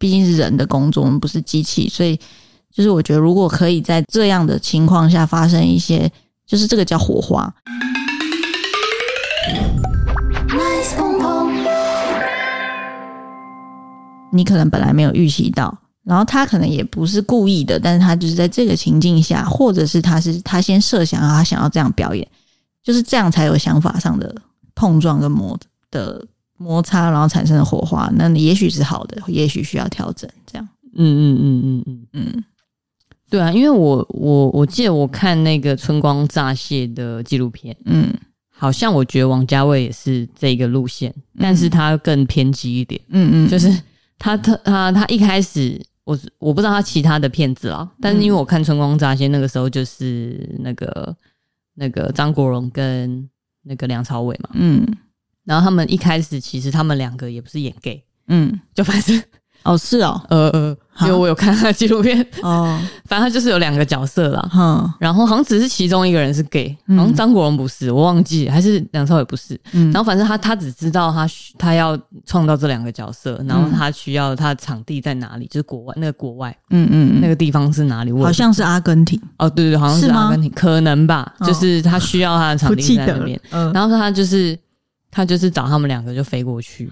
畢竟是人的工作，我們不是機器，所以就是我覺得，如果可以在這樣的情況下發生一些，就是這個叫火花。Nice 朋朋，你可能本來沒有預期到，然後他可能也不是故意的，但是他就是在這個情境下，或者是他是他先設想，他想要這樣表演，就是這樣才有想法上的碰撞跟磨的。摩擦，然後產生的火花，那你也許是好的，也許需要調整。這樣，嗯嗯嗯嗯嗯嗯，對啊，因為我我我記得我看那個《春光乍洩》的紀錄片，嗯，好像我覺得王家衛也是這一個路線，嗯，但是他更偏激一點，嗯嗯，就是他他他他一開始，我我不知道他其他的片子啊，但是因為我看《春光乍洩》那個時候就是那個，嗯、那個張國榮跟那個梁朝偉嘛，嗯。然後他們一開始，其實他們兩個也不是演 gay，嗯，就反正哦是哦，呃呃，因為我有看他的紀錄片哦，反正他就是有兩個角色啦，哈、嗯，然後好像只是其中一個人是 gay，好、嗯、像張國榮不是，我忘記，還是梁朝偉不是，嗯，然後反正他他只知道他他要創造這兩個角色，嗯、然後他需要他的場地在哪裡，就是國外那個國外，嗯嗯，嗯嗯，那個地方是哪裡？我好像是阿根廷，哦對對，好像是阿根廷，可能吧、哦，就是他需要他的場地在那邊，嗯，然後他就是。他就是找他們兩個就飛過去，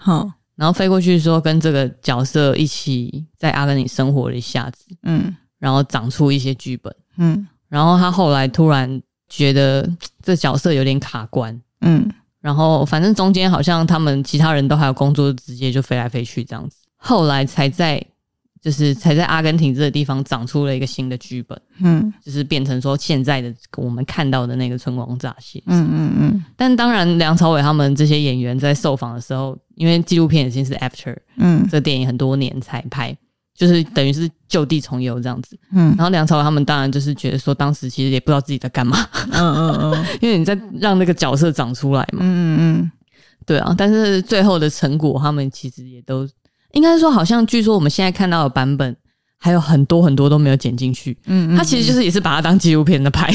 然後飛過去說跟這個角色一起在阿根廷生活了一下子，嗯，然後長出一些劇本，嗯，然後他後來突然覺得這角色有點卡關，嗯，然後反正中間好像他們其他人都還有工作，直接就飛來飛去這樣子，後來才在。就是才在阿根廷這個地方長出了一個新的劇本，嗯，就是變成說現在的我們看到的那個春光乍洩，嗯嗯嗯。但當然，梁朝偉他們這些演員在受訪的時候，因為紀錄片已經是 After，嗯，這個電影很多年才拍，就是等於是舊地重遊這樣子，嗯。然後梁朝偉他們當然就是覺得說，當時其實也不知道自己在幹嘛，嗯嗯嗯，因為你在讓那個角色長出來嘛，嗯嗯。對啊，但是最後的成果，他們其實也都。應該說，好像據說我們現在看到的版本還有很多很多都沒有剪進去。嗯，嗯，嗯、他其實就是也是把它當紀錄片的拍。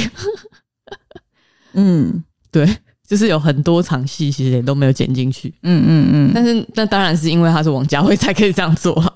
嗯，對，就是有很多場戲其實也都沒有剪進去。嗯嗯嗯。但是那當然是因為他是王家衛才可以這樣做啊。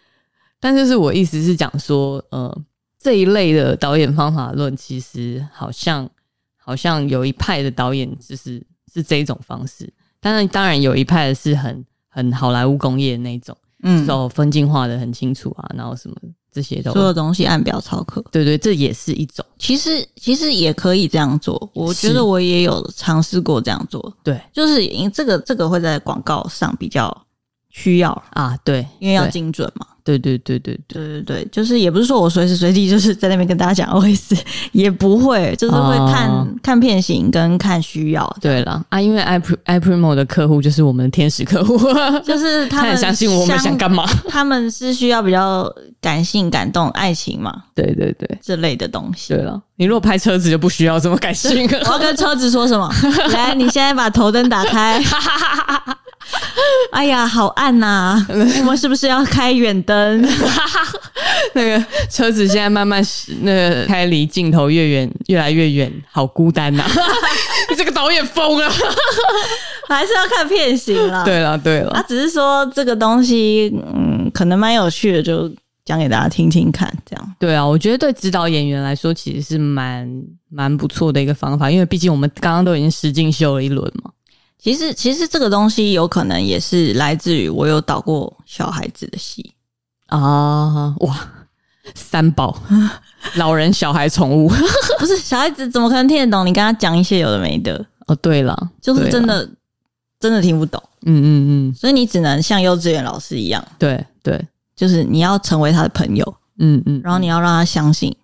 但就是我意思是講說，呃，這一類的導演方法論其實好像好像有一派的導演就是是這一種方式，但是當然有一派的是很。.很好萊塢工業那種，嗯，然、so, 後分鏡畫的很清楚啊，然後什麼這些都，所有東西按表操課，對，對對，這也是一種，其實其實也可以這樣做，我覺得我也有嘗試過這樣做，對，就是因為這個這個會在廣告上比較需要啊，對，因為要精準嘛。對，對對對對對對對，就是也不是說我隨時隨地就是在那邊跟大家講，OS 也不會，就是會看、啊、看片型跟看需要。對了啊，因為 i i primo 的客戶就是我們的天使客戶，就是他、們相他很相信我們想幹嘛？他們是需要比較感性、感動、愛情嘛？對對對，這類的東西。對了，你如果拍車子就不需要這麼感性了，我跟車子說什麼？ 來，你現在把頭燈打開。 哎呀，好暗吶！ 我們是不是要開遠燈？ 那個車子現在慢慢，那個開離鏡頭越遠，越來越遠，好孤單吶！ 你這個導演瘋了， 還是要看片型了？ 對了，對了，他只是說這個東西，嗯，可能蠻有趣的，就講給大家聽聽看，這樣。對啊，我覺得對指導演員來說，其實是蠻蠻不錯的一個方法，因為畢竟我們剛剛都已經實境秀了一輪嘛。其實，其實這個東西有可能也是來自於我有導過小孩子的戲啊！哇，三寶， 老人、小孩、寵物， 不是小孩子怎麼可能聽得懂？你跟他講一些有的沒的。哦，對了，就是真的，真的聽不懂。嗯嗯嗯，所以你只能像幼稚園老師一樣，對對，就是你要成為他的朋友。嗯嗯，然後你要讓他相信，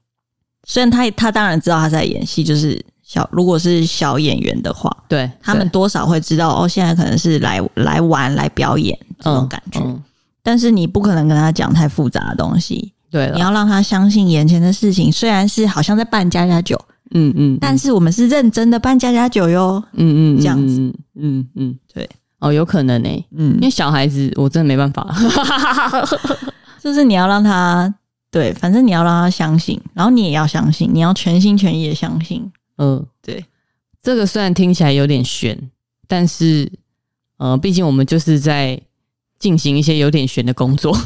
雖然他他當然知道他在演戲，就是。小如果是小演員的話，對，對他們多少會知道哦。現在可能是來來玩，來表演這種感覺，嗯嗯，但是你不可能跟他講太複雜的東西。對，你要讓他相信眼前的事情，雖然是好像在扮家家酒，嗯嗯，但是我們是認真的扮家家酒喲，嗯嗯，這樣子，嗯嗯，嗯，嗯，對，哦，有可能誒、欸，嗯，因為小孩子我真的沒辦法， 就是你要讓他對，反正你要讓他相信，然後你也要相信，你要全心全意的相信。嗯、呃，對，這個雖然聽起來有點懸，但是，呃，畢竟我們就是在進行一些有點懸的工作。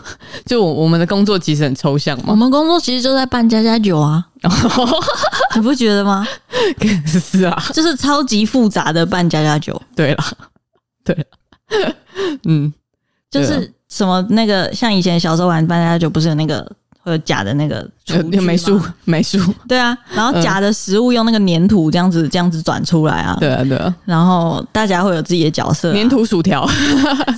就我們的工作其實很抽象嘛，我們工作其實就在扮家家酒啊， 你不覺得嗎？是啊，就是超級複雜的扮家家酒。對了，對了，嗯對，就是什麼那個，像以前小時候玩扮家家酒，不是有那個。呃，假的那個廚具，美術，美術，對啊，然後假的食物用那個粘土這樣子，這樣子轉出來啊，對啊，對啊，然後大家會有自己的角色、啊，粘土薯條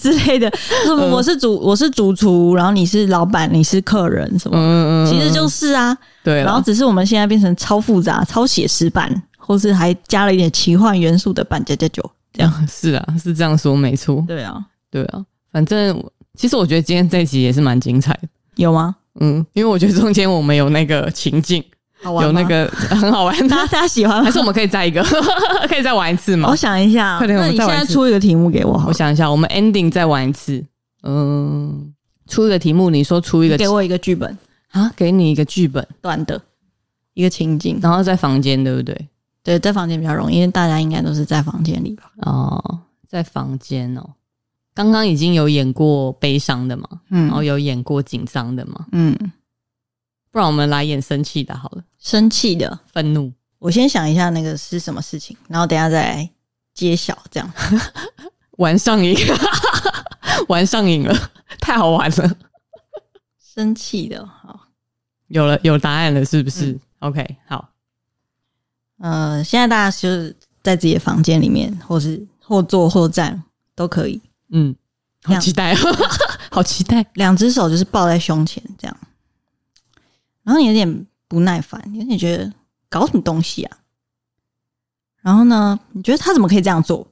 之類的，嗯、我是主，我是主廚，然後你是老闆，你是客人，什麼，嗯嗯，嗯，嗯、其實就是啊，對啊，然後只是我們現在變成超複雜、超寫實版，或是還加了一點奇幻元素的扮家家酒，這樣是啊，是這樣說沒錯，對啊，對啊，反正其實我覺得今天這一集也是蠻精彩的，有嗎？嗯，因為我覺得中間我們有那個情境，好玩，有那個很好玩的，大家，大家喜歡嗎？還是我們可以再一個 可以再玩一次嗎？我想一下，快點我們再玩一次，那你現在出一個題目給我，我想一下，我們 ending 再玩一次，嗯，出一個題目，你說出一個，給我一個劇本啊，給你一個劇本，短的一個情境。然後在房間，對不對？對，在房間比較容易，因為大家應該都是在房間裡吧？哦，在房間哦。剛剛已經有演過悲傷的嘛，嗯，然後有演過緊張的嘛，嗯，不然我們來演生氣的好了，生氣的憤怒。我先想一下那個是什麼事情，然後等下再來揭曉。這樣 玩上癮， 玩上癮了， 太好玩了。生氣的，好，有了，有答案了，是不是？嗯。OK，好。呃，現在大家就是在自己的房間裡面，或是或坐或站都可以。嗯，好期待哦， 好期待。兩只手就是抱在胸前這樣，然後你有點不耐煩，有點覺得搞什麼東西啊。然後呢，你覺得他怎麼可以這樣做？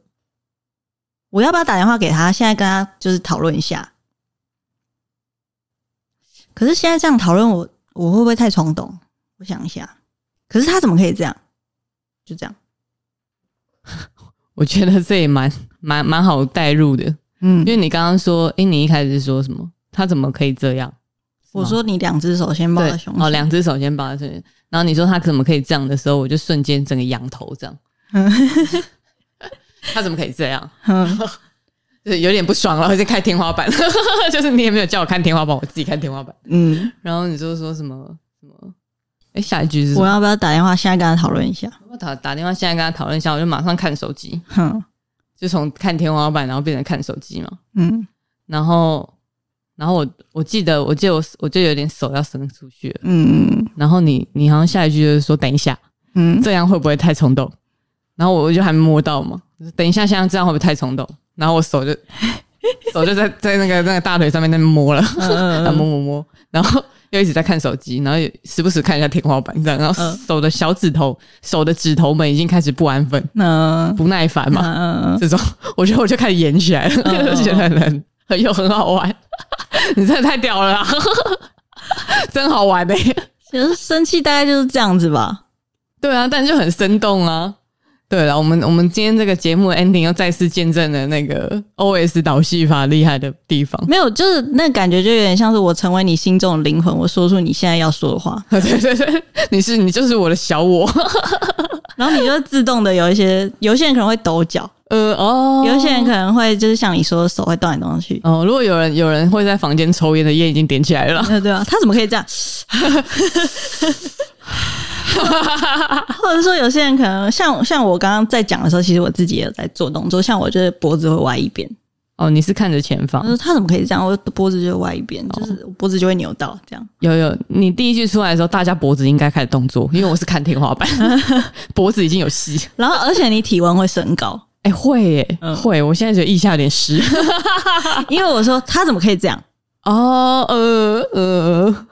我要不要打電話給他？現在跟他就是討論一下。可是現在這樣討論，我我會不會太衝動？我想一下。可是他怎麼可以這樣？就這樣。我覺得這也蠻蠻蠻好代入的。嗯，因為你剛剛說，哎、欸，你一開始是說什麼？他怎麼可以這樣？我說你兩只手先抱在胸前，哦，兩只手先抱在胸前。然後你說他怎麼可以這樣的時候，我就瞬間整個仰頭這樣。嗯、呵呵 他怎麼可以這樣？嗯， 就是有點不爽了，我就開天花板。 就是你也沒有叫我看天花板，我自己看天花板。嗯，然後你就說什麼什麼？哎、欸，下一句是什麼？我要不要打電話？現在跟他討論一下。我要不要打打電話，現在跟他討論一下，我就馬上看手機。哼、嗯。就從看天花板，然後變成看手機嘛。嗯，然後，然後我我記得，我記得我我就有點手要伸出去了。嗯，然後你你好像下一句就是說，等一下，嗯，這樣會不會太衝動？然後我就還沒摸到嘛，等一下，像這樣會不會太衝動？然後我手就手就在在那個 那個大腿上面在那邊摸了，嗯、啊，摸摸摸，然後。就一直在看手機，然後也時不時看一下天花板，這樣，然後手的小指頭、呃、手的指頭們已經開始不安分、嗯、呃，不耐煩嘛，呃、這種，我覺得我就開始演起來了，呃、覺得很很有很好玩， 你真的太屌了啦， 真好玩的、欸，其、就、實、是、生氣大概就是這樣子吧，對啊，但就很生動啊。對了，我們我們今天這個節目的 ending 又再次見證了那個 O S 導戲法厲害的地方。沒有，就是那個感覺就有點像是我成為你心中的靈魂，我說出你現在要說的話。對對對，你是你就是我的小我， 然後你就自動的有一些，有一些人可能會抖腳，呃哦，有一些人可能會就是像你說的手會動來動去。哦，如果有人有人會在房間抽煙的煙已經點起來了，對啊，他怎麼可以這樣？ 或者說，有些人可能像像我剛剛在講的時候，其實我自己也在做動作。像我覺得脖子會歪一邊。哦，你是看着前方？他，說他怎麼可以這樣？我脖子就歪一邊，哦，就是脖子就會扭到這樣。有有，你第一句出來的時候，大家脖子應該開始動作，因為我是看天花板， 脖子已經有戲。然後，而且你體溫會升高。哎、 欸，會誒、嗯，會。我現在覺得腋下有點濕， 因為我說他怎麼可以這樣？哦，呃呃。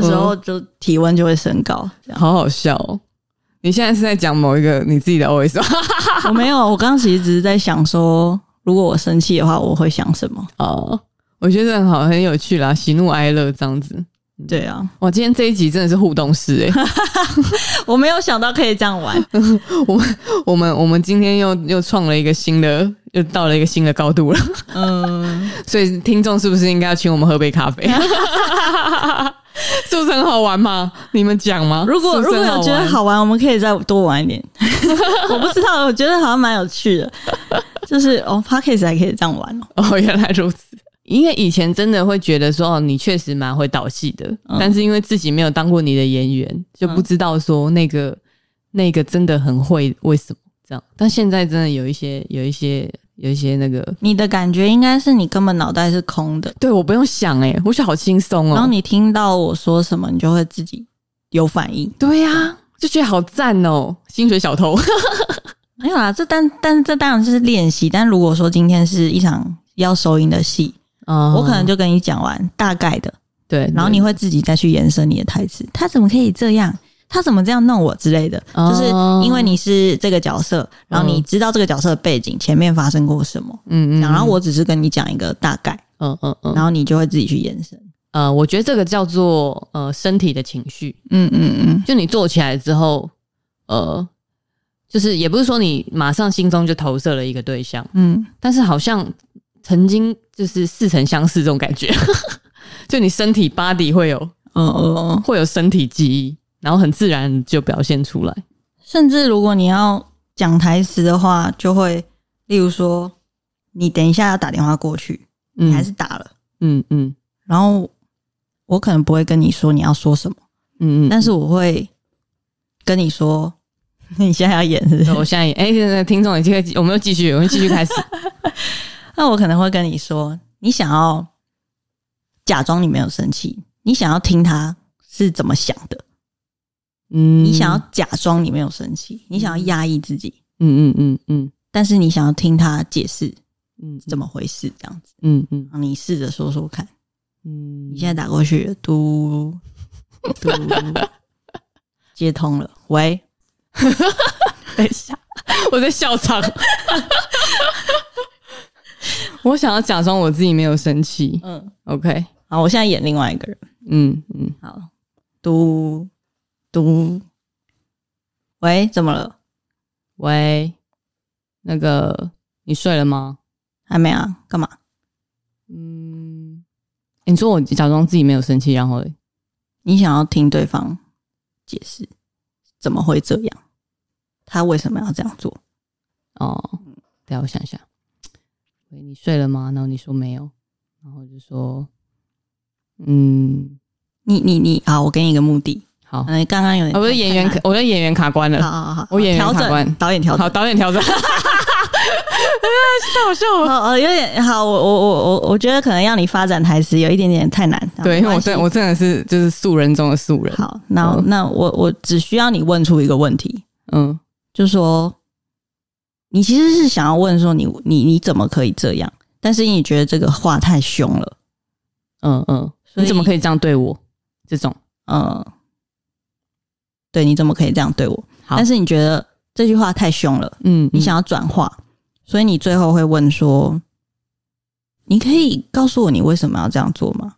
的時候就體溫就會升高，哦，好好笑。哦。你現在是在講某一個你自己的 O S 嗎？ 我沒有，我剛剛其實只是在想說，如果我生氣的話，我會想什麼？哦，我覺得很好，很有趣啦，喜怒哀樂這樣子。對啊，哇，今天這一集真的是互動式哎，欸， 我沒有想到可以這樣玩。 我我們我們今天又又創了一個新的。又到了一個新的高度了，嗯，所以聽眾是不是應該要請我們喝杯咖啡？ 是不是很好玩嗎？你們講嗎？如果是是如果有覺得好玩，我們可以再多玩一點。 我不知道，我覺得好像蠻有趣的，就是哦，Podcast 還可以這樣玩哦，哦，原來如此。因為以前真的會覺得說，哦，你確實蠻會導戲的，嗯、但是因為自己沒有當過你的演員，就不知道說那個、嗯、那個真的很會為什麼這樣。但現在真的有一些有一些。有一些那個，你的感覺應該是你根本腦袋是空的，對，我不用想誒、欸，我覺得好輕鬆哦。然後你聽到我說什麼，你就會自己有反應，對呀、啊，就覺得好讚哦、喔，薪水小偷 沒有啦，這但但這當然就是練習，但如果說今天是一場要收音的戲啊、嗯，我可能就跟你講完大概的，對，然後你會自己再去延伸你的台詞，他怎麼可以這樣？他怎麼這樣弄我之類的？Oh, 就是因為你是這個角色，oh. 然後你知道這個角色的背景，oh. 前面發生過什麼？嗯嗯。然後我只是跟你講一個大概，嗯嗯嗯，然後你就會自己去延伸。呃、uh,，我覺得這個叫做呃身體的情緒，嗯嗯嗯。就你做起來之後，呃，就是也不是說你馬上心中就投射了一個對象，嗯、mm -hmm.，但是好像曾經就是似曾相識這種感覺， 就你身體 body 會有，嗯嗯，會有身體記憶。然後很自然就表現出來，甚至如果你要講台詞的話，就會例如說，你等一下要打電話過去，嗯、你還是打了，嗯嗯。然後我可能不會跟你說你要說什麼，嗯嗯。但是我會跟你說，嗯、你現在要演是不是、哦，我現在演。哎，聽眾，你這個我們又繼續，我們繼續開始。那、 啊、我可能會跟你說，你想要假裝你沒有生氣，你想要聽他是怎麼想的。嗯，你想要假裝你沒有生氣，你想要壓抑自己，嗯嗯嗯嗯，但是你想要聽他解釋，嗯，怎麼回事這樣子，嗯嗯，你試着說說看，嗯，你現在打過去了，嘟嘟， 接通了，喂， 等一下，我在笑場， 我想要假裝我自己沒有生氣，嗯，OK，好，我現在演另外一個人，嗯嗯，好，嘟，嘟，喂，怎麼了？喂，那個，你睡了嗎？還沒啊，幹嘛？嗯、欸，你說我假裝自己沒有生氣，然後你想要聽對方解釋怎麼會這樣？他為什麼要這樣做？哦，等下我想想。喂，你睡了嗎？然後你說沒有，然後就說嗯，你你你，好、啊，我給你一個目的。嗯、剛剛哦，剛剛有點，我的演員，我的演員卡關了。好，好好好，我演員卡關，導演調整。好，導演調整。哈哈哈哈哈！我，有點好。我我我我，我覺得可能要你發展台詞有一點點太難。對，因為我真我真的是就是素人中的素人。好，那、嗯、那我我只需要你問出一個問題，嗯，就說你其實是想要問說你你你怎麼可以這樣？但是你覺得這個話太凶了。嗯嗯，你怎麼可以這樣對我？這種嗯。對，你怎麼可以這樣對我？好，但是你覺得這句話太凶了，嗯，你想要轉化、嗯，所以你最後會問說：“你可以告訴我你為什麼要這樣做嗎？”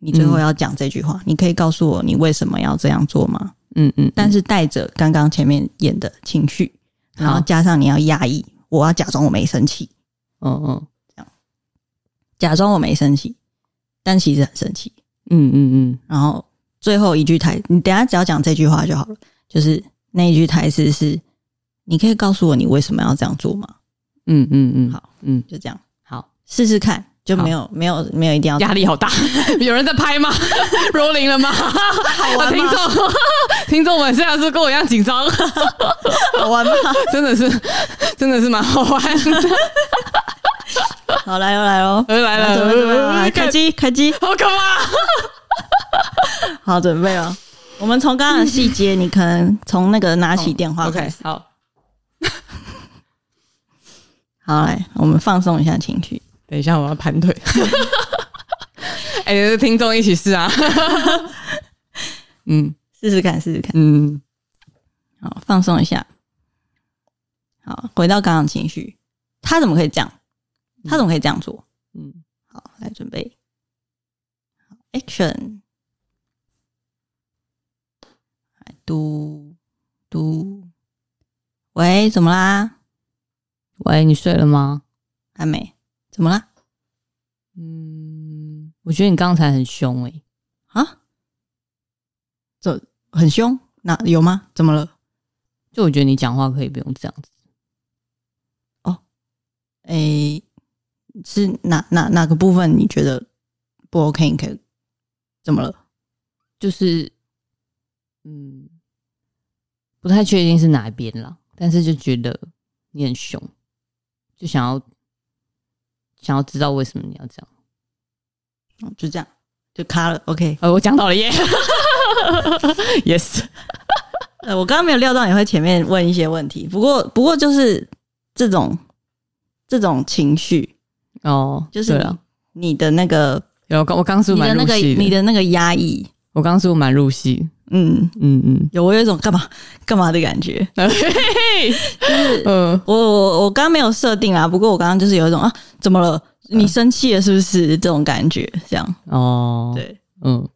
你最後要講這句話、嗯，你可以告訴我你為什麼要這樣做嗎？嗯嗯，嗯，但是帶着剛剛前面演的情緒，然後加上你要壓抑，我要假裝我沒生氣，嗯、哦、嗯、哦，這樣，假裝我沒生氣，但其實很生氣，嗯嗯嗯，然後。最後一句台，你等一下只要講這句話就好了。就是那一句台詞是，你可以告訴我你為什麼要這樣做嗎？嗯嗯嗯，好，嗯，就這樣，好，試試看，就沒有沒有沒有，沒有沒有一定要。壓力好大，有人在拍嗎？ rolling 了嗎？我聽說，聽眾們是不是跟我一樣緊張？ 好玩嗎？真的是，真的是蠻好玩。好，來又來嘍、喔，又 來來、喔，準備準備，來，開機，開機，好可怕。好，準備了。我們從剛剛的細節，你可能從那個拿起電話、嗯。OK，好，好來，我們放鬆一下情緒。等一下，我要盤腿。哎、 欸，就是、聽眾一起試啊！ 嗯，試試看，試試看。嗯，好，放鬆一下。好，回到剛剛情緒，他怎麼可以這樣？他怎麼可以這樣做？嗯，好，來準備。Action，嘟嘟，喂，怎麼啦？喂，你睡了嗎？還沒，怎麼啦？嗯，我覺得你剛才很凶誒、欸。啊？這很凶？那有嗎？怎麼了？就我覺得你講話可以不用這樣子。哦，誒、欸，是哪哪哪個部分你覺得不 OK？可以？怎麼了？就是，嗯，不太確定是哪一邊了，但是就覺得你很凶，就想要想要知道為什麼你要這樣。嗯、就這樣，就卡了。OK，呃、哦，我講到了耶，哈哈哈。yes。 呃、我剛剛沒有料到你會前面問一些問題，不過，不過就是這種這種情緒哦，就是你，你的那個。有，我剛，我剛說蠻入戲。你的那個，你的那個壓抑。我剛說蠻入戲。嗯嗯嗯，有，我有一種幹嘛幹嘛的感覺。嗯、 就是呃，我我我剛沒有設定啊，不過我剛剛就是有一種啊，怎麼了？你生氣了是不是？呃、這種感覺這樣。哦，對，嗯。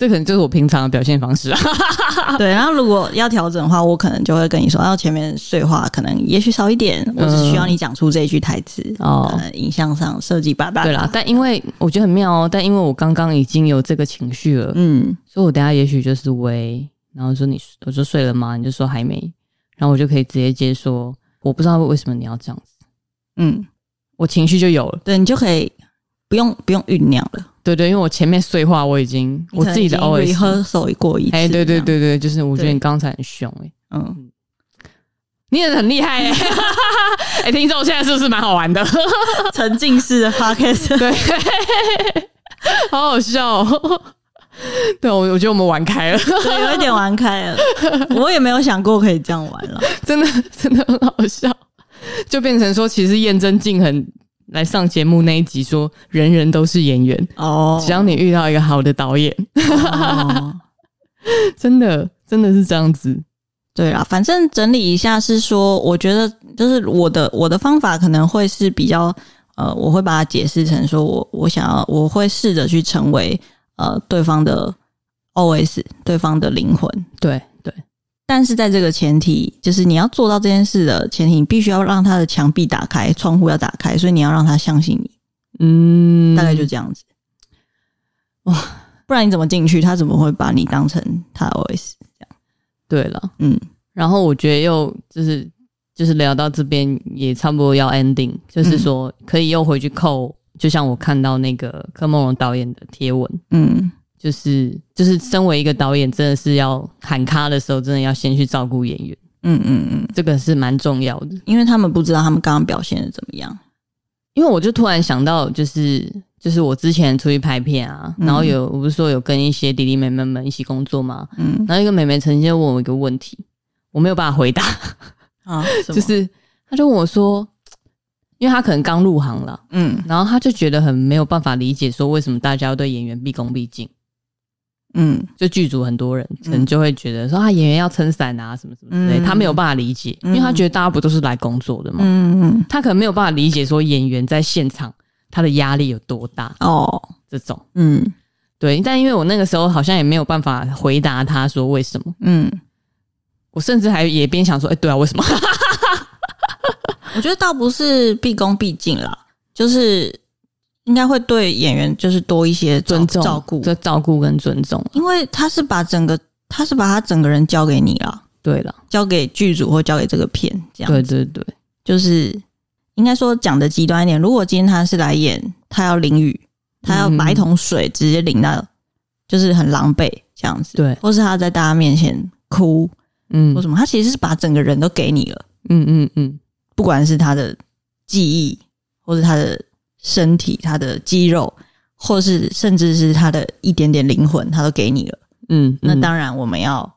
這可能就是我平常的表現方式啊。對，然後如果要調整的話，我可能就會跟你說，要前面碎話可能也許少一點、嗯，我只需要你講出這一句台詞哦、嗯嗯。影像上設計巴巴對啦。啊，但因為我覺得很妙哦，但因為我剛剛已經有這個情緒了，嗯，所以我等下也許就是喂，然後說你，我說睡了嗎？你就說還沒，然後我就可以直接接說，我不知道為什麼你要這樣子，嗯，我情緒就有了。對，你就可以不用不用醞釀了。對對,對，因為我前面碎話我已經，我自己的 OS 過一次。哎，對對對對，就是我覺得你剛才很凶，嗯，你也很厲害哎，哎，聽說我現在是不是蠻好玩的？沉浸式的 podcast，對，好好笑。對，我我覺得我們玩開了，有一點玩開了，我也沒有想過可以這樣玩了，真的真的很好笑，就變成說其實驗證鏡很。來上節目那一集說，人人都是演員哦，oh. 只要你遇到一個好的導演， 真的真的是這樣子。對啦，反正整理一下是說，我覺得就是我的我的方法可能會是比較呃，我會把它解釋成說我我想要我會試着去成為呃對方的 OS，對方的靈魂，對。但是在這個前提，就是你要做到這件事的前提，你必須要讓他的牆壁打開，窗戶要打開，所以你要讓他相信你，嗯，大概就這樣子。哇，不然你怎麼進去？他怎麼會把你當成他的 OS？這樣對了，嗯。然後我覺得又就是就是聊到這邊也差不多要 ending，就是說可以又回去扣，嗯，就像我看到那個柯夢龍導演的貼文，嗯。就是就是，就是、身為一個導演，真的是要喊卡的時候，真的要先去照顧演員。嗯嗯嗯，這個是蠻重要的，因為他們不知道他們剛剛表現得怎麼樣。因為我就突然想到，就是就是我之前出去拍片啊，嗯、然後有我不是說有跟一些弟弟妹妹們一起工作嘛。嗯，然後一個妹妹曾經問我一個問題，我沒有辦法回答啊， 就是他就問我說，因為他可能剛入行了，嗯，然後他就覺得很沒有辦法理解，說為什麼大家要對演員畢恭畢敬。嗯，就劇組很多人可能就會覺得說他、嗯啊、演員要撐傘啊，什麼什麼之類的、嗯，他沒有辦法理解、嗯，因為他覺得大家不都是來工作的嘛，嗯嗯，嗯，他可能沒有辦法理解說演員在現場他的壓力有多大哦，這種，嗯，對，但因為我那個時候好像也沒有辦法回答他說為什麼，嗯，我甚至還也邊想說，哎、欸，對啊，為什麼？ 我覺得倒不是畢恭畢敬了，就是。應該會對演員就是多一些尊重照顧的照顧跟尊重，啊，因為他是把整個他是把他整個人交給你了，對了，交給劇組或交給這個片這樣子。對對對，就是應該說講的極端一點，如果今天他是來演，他要淋雨，他要拿一桶水直接淋到，嗯、就是很狼狽這樣子。對，或是他在大家面前哭，嗯，或什麼，他其實是把整個人都給你了。嗯嗯嗯，不管是他的記憶或是他的。身體、他的肌肉，或是甚至是他的一點點靈魂，他都給你了。嗯，那當然我們要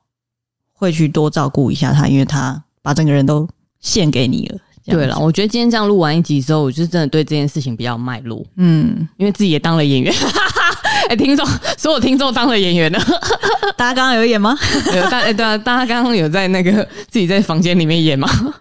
會去多照顧一下他，因為他把整個人都獻給你了。對了，我覺得今天這樣錄完一集之後，我就是真的對這件事情比較脈絡。嗯，因為自己也當了演員。哎、 欸，聽眾，所有聽眾當了演員了？ 大家剛剛有演嗎？ 有，大、欸、對啊，大家剛剛有在那個自己在房間裡面演嗎？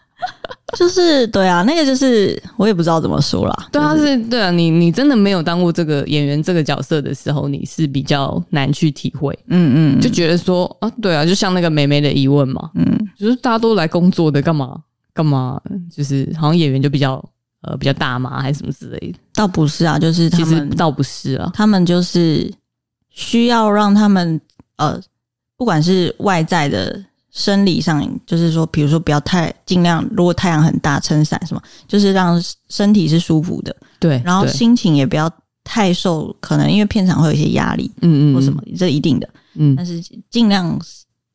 就是對啊，那個就是我也不知道怎麼說啦。對啊，就是、是，對啊，你你真的沒有當過這個演員這個角色的時候，你是比較難去體會，嗯嗯，就覺得說啊，對啊，就像那個梅梅的疑問嘛，嗯，就是大家都來工作的幹嘛幹嘛，就是好像演員就比較呃比較大嘛，還是什麼之類的？倒不是啊，就是他們其實倒不是啊，他們就是需要讓他們呃，不管是外在的。生理上就是說，比如說不要太盡量，如果太陽很大，撐傘什麼，就是讓身體是舒服的。對，然後心情也不要太受，可能因為片場會有一些壓力，嗯嗯，或什麼，這一定的。嗯，但是盡量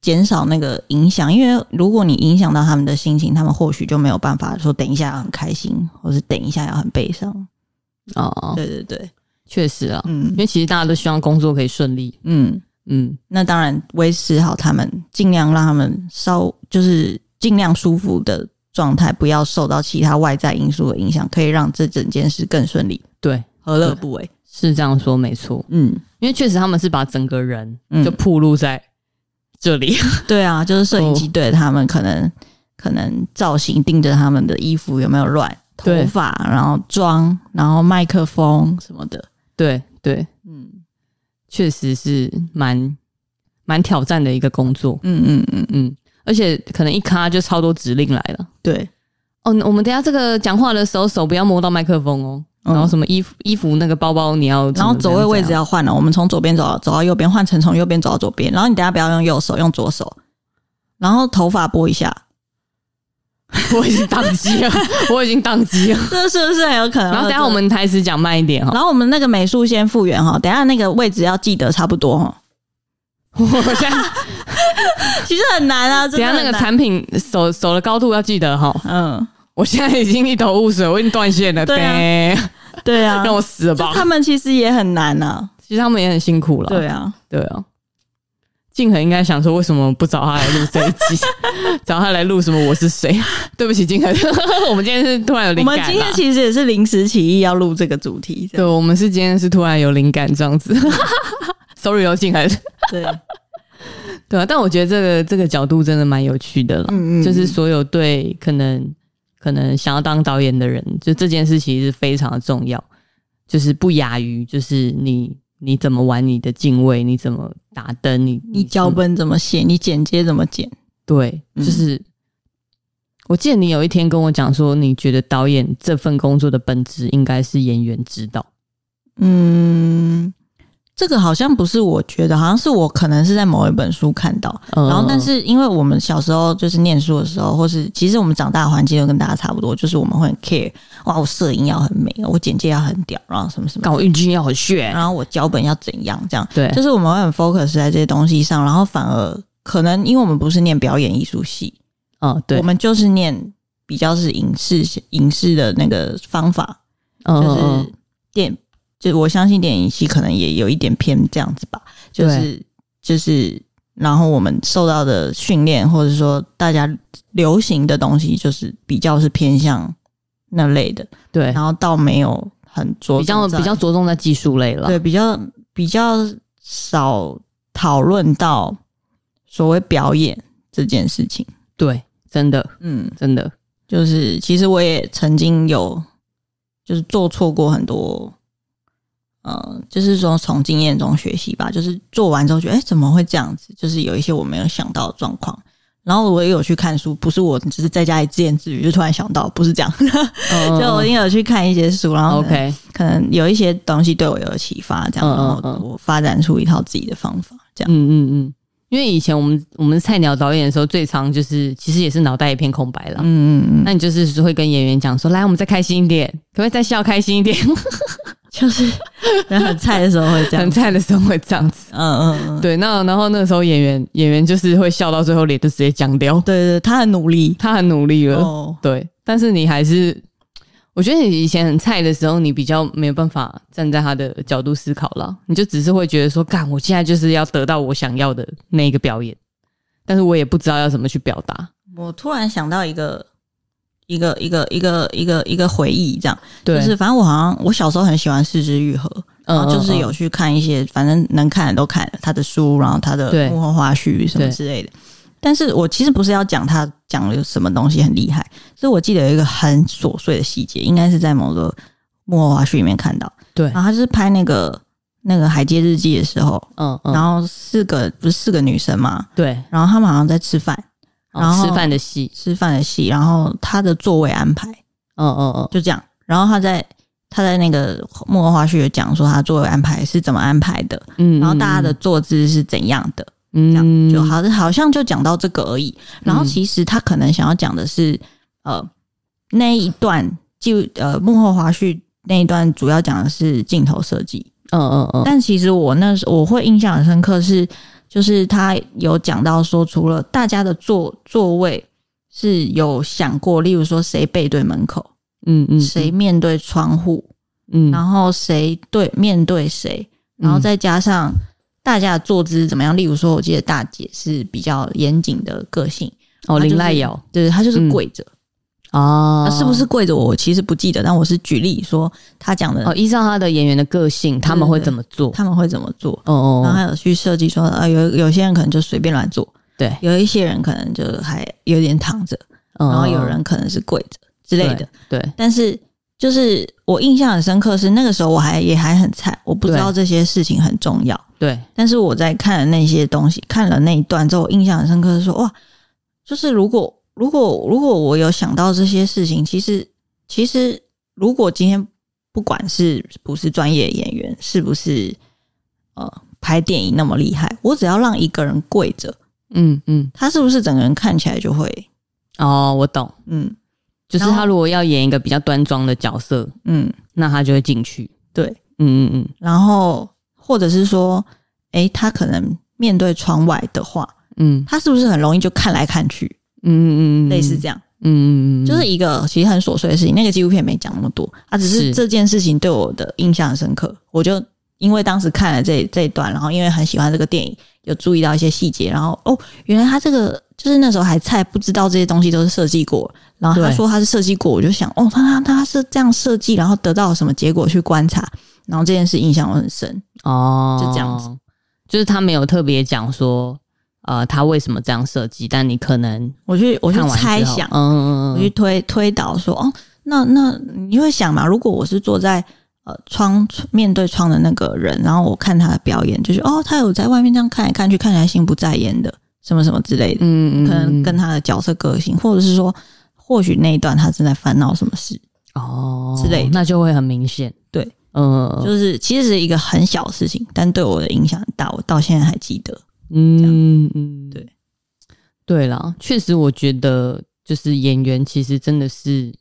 減少那個影響，因為如果你影響到他們的心情，他們或許就沒有辦法說等一下要很開心，或是等一下要很悲傷。哦，對對對，確實啊，嗯，因為其實大家都希望工作可以順利，嗯。嗯，那當然維持好他們，盡量讓他們稍就是盡量舒服的狀態，不要受到其他外在因素的影響，可以讓這整件事更順利。對，何樂不為？是這樣說沒錯。嗯，因為確實他們是把整個人就暴露在這裡，嗯。對啊，就是攝影機、oh, 對着他們，可能可能造型盯着他們的衣服有沒有亂，頭髮，然後妝，然後麥克風什麼的。對對。確實是蠻蠻挑戰的一個工作，嗯嗯嗯嗯，而且可能一卡就超多指令來了。對，哦，我們等下這個講話的時候手不要摸到麥克風哦、嗯，然後什麼衣服衣服那個包包你要，然後走位位置要換了、啊，我們從左邊走到走到右邊換成從右邊走到左邊，然後你等下不要用右手，用左手，然後頭髮撥一下。 我已經當機了，我已經當機了， 這是不是很有可能？然後等一下我們台詞講慢一點哈，然後我們那個美術先復原哈，等一下那個位置要記得差不多哈。 我現在 其實很難啊，真的很難。等一下那個產品手手的高度要記得哈。嗯，我現在已經一頭霧水，我已經斷線了唄。對啊，對啊對啊 讓我死了吧。他們其實也很難啊，其實他們也很辛苦了。對啊，對啊。.靜恆應該想說，為什麼不找他來錄這一集？ 找他來錄什麼？我是誰？ 對不起，靜恆， 我們今天是突然有靈感。我們今天其實也是臨時起意要錄這個主題。對，我們是今天是突然有靈感這樣子。 sorry，靜恆。對對啊。但我覺得這個這個角度真的蠻有趣的了。嗯，嗯嗯。就是所有對可能可能想要當導演的人，就這件事其實是非常的重要，就是不亞於就是你。你怎麼玩你的敬畏？你怎麼打燈？你你腳本怎麼寫？你剪接怎麼剪？對，就是、嗯、我記得你有一天跟我講說，你覺得導演這份工作的本質應該是演員指導。嗯。這個好像不是，我覺得好像是我可能是在某一本書看到、嗯，然後但是因為我們小時候就是念書的時候，或是其實我們長大環境都跟大家差不多，就是我們會很 care，哇，我攝影要很美，我剪接要很屌，然後什麼什麼，什麼，搞運鏡要很炫，然後我腳本要怎樣這樣，對，就是我們會很 focus 在這些東西上，然後反而可能因為我們不是念表演藝術系，哦、嗯，對，我們就是念比較是影視影視的那個方法，嗯、就是電。嗯就是我相信電影系可能也有一點偏這樣子吧，就是就是，然後我們受到的訓練，或者說大家流行的東西，就是比較是偏向那類的，對，然後倒沒有很着重，比較比較着重在技術類了，對，比較比較少討論到所謂表演這件事情，對，真的，嗯，真的，就是其實我也曾經有就是做錯過很多。嗯、呃，就是說從經驗中學習吧，就是做完之後覺得，哎，怎麼會這樣子？就是有一些我沒有想到的狀況。然後我也有去看書，不是我，只是在家裡自言自語，就突然想到不是這樣。哦、 就我也有去看一些書，然後、哦、OK，可能有一些東西對我有啟發，這樣、哦，然後我發展出一套自己的方法，這樣。嗯嗯嗯，因為以前我們我們菜鳥導演的時候，最常就是其實也是腦袋一片空白啦。嗯嗯嗯，那你就是會跟演員講說，來，我們再開心一點，可不可以再笑開心一點？ 就是人很菜的時候會這樣，很菜的時候會這樣子。嗯嗯嗯，uh-uh. 對。那然後那個時候演員演員就是會笑到最後，臉都直接僵掉。對，對對，他很努力，他很努力了。Oh. 對，但是你還是，我覺得你以前很菜的時候，你比較沒有辦法站在他的角度思考了。你就只是會覺得說，幹，我現在就是要得到我想要的那一個表演，但是我也不知道要怎麼去表達。我突然想到一個。一個一個一個一個一個回憶，這樣，對，就是反正我好像我小時候很喜歡是枝裕和，嗯，就是有去看一些，嗯，反正能看的都看了他的書，然後他的幕後花絮什麼之類的。但是我其實不是要講他講了什麼東西很厲害，所以我記得有一個很瑣碎的細節，應該是在某個幕後花絮裡面看到，對，然後他是拍那個那個海街日記的時候，嗯，嗯，然後四個不是四個女生嘛，對，然後他們好像在吃飯。然後吃飯的戲，吃飯的戲，然後他的座位安排，嗯嗯嗯，就這樣。然後他在他在那個幕後花絮有講說，他座位安排是怎麼安排的，嗯，然後大家的坐姿是怎樣的，嗯嗯，就好，好像就講到這個而已，嗯。然後其實他可能想要講的是，嗯、呃，那一段就呃幕後花絮那一段主要講的是鏡頭設計，嗯嗯嗯。但其實我那時我會印象很深刻的是。就是他有講到說，除了大家的座座位是有想過，例如說誰背對門口，嗯嗯，誰面對窗戶，嗯，然後誰對面對誰，然後再加上大家的坐姿怎麼樣。例如說，我記得大姐是比較嚴謹的個性，哦，就是、綾瀨遙，對，她就是跪着。嗯哦，是不是跪着？我其實不記得，但我是舉例說他講的哦，依照他的演員的個性，他們會怎麼做？對對對，他們會怎麼做？哦，然後還有去設計說啊、呃，有有些人可能就隨便亂做，對；有一些人可能就還有點躺着，哦，然後有人可能是跪着之類的對，對。但是就是我印象很深刻是那個時候我還也還很菜，我不知道這些事情很重要對，對。但是我在看了那些東西，看了那一段之後，我印象很深刻，是說哇，就是如果。如果如果我有想到這些事情，其實其實如果今天不管是不是專業演員，是不是呃拍電影那麼厲害，我只要讓一個人跪着，嗯嗯，他是不是整個人看起來就會哦，我懂，嗯，就是他如果要演一個比較端莊的角色，嗯，那他就會進去，對，嗯嗯嗯，然後或者是說，欸，他可能面對窗外的話，嗯，他是不是很容易就看來看去？嗯嗯嗯，類似這樣，嗯嗯嗯，就是一個其實很瑣碎的事情。那個紀錄片沒講那麼多，啊，只是這件事情對我的印象很深刻。我就因為當時看了這一這一段，然後因為很喜歡這個電影，有注意到一些細節，然後哦，原來他這個就是那時候還菜，不知道這些東西都是設計過。然後他說他是設計過，我就想哦，他他他是這樣設計，然後得到了什麼結果去觀察，然後這件事印象很深哦，就這樣子，就是他沒有特別講說。呃，他為什麼這樣設計？但你可能，我去，我去猜想，嗯嗯嗯，嗯，我去推推導說，哦，那那你會想嘛？如果我是坐在呃窗面對窗的那個人，然後我看他的表演，就是哦，他有在外面這樣看來看去，看起來心不在焉的，什麼什麼之類的，嗯，嗯，嗯，可能跟他的角色個性，或者是說，或許那一段他正在煩惱什麼事哦，之類的，那就會很明顯，對，嗯，就是其實是一個很小的事情，但對我的影響很大，我到現在還記得。嗯嗯，對，對了，確實，我覺得就是演員其實真的是，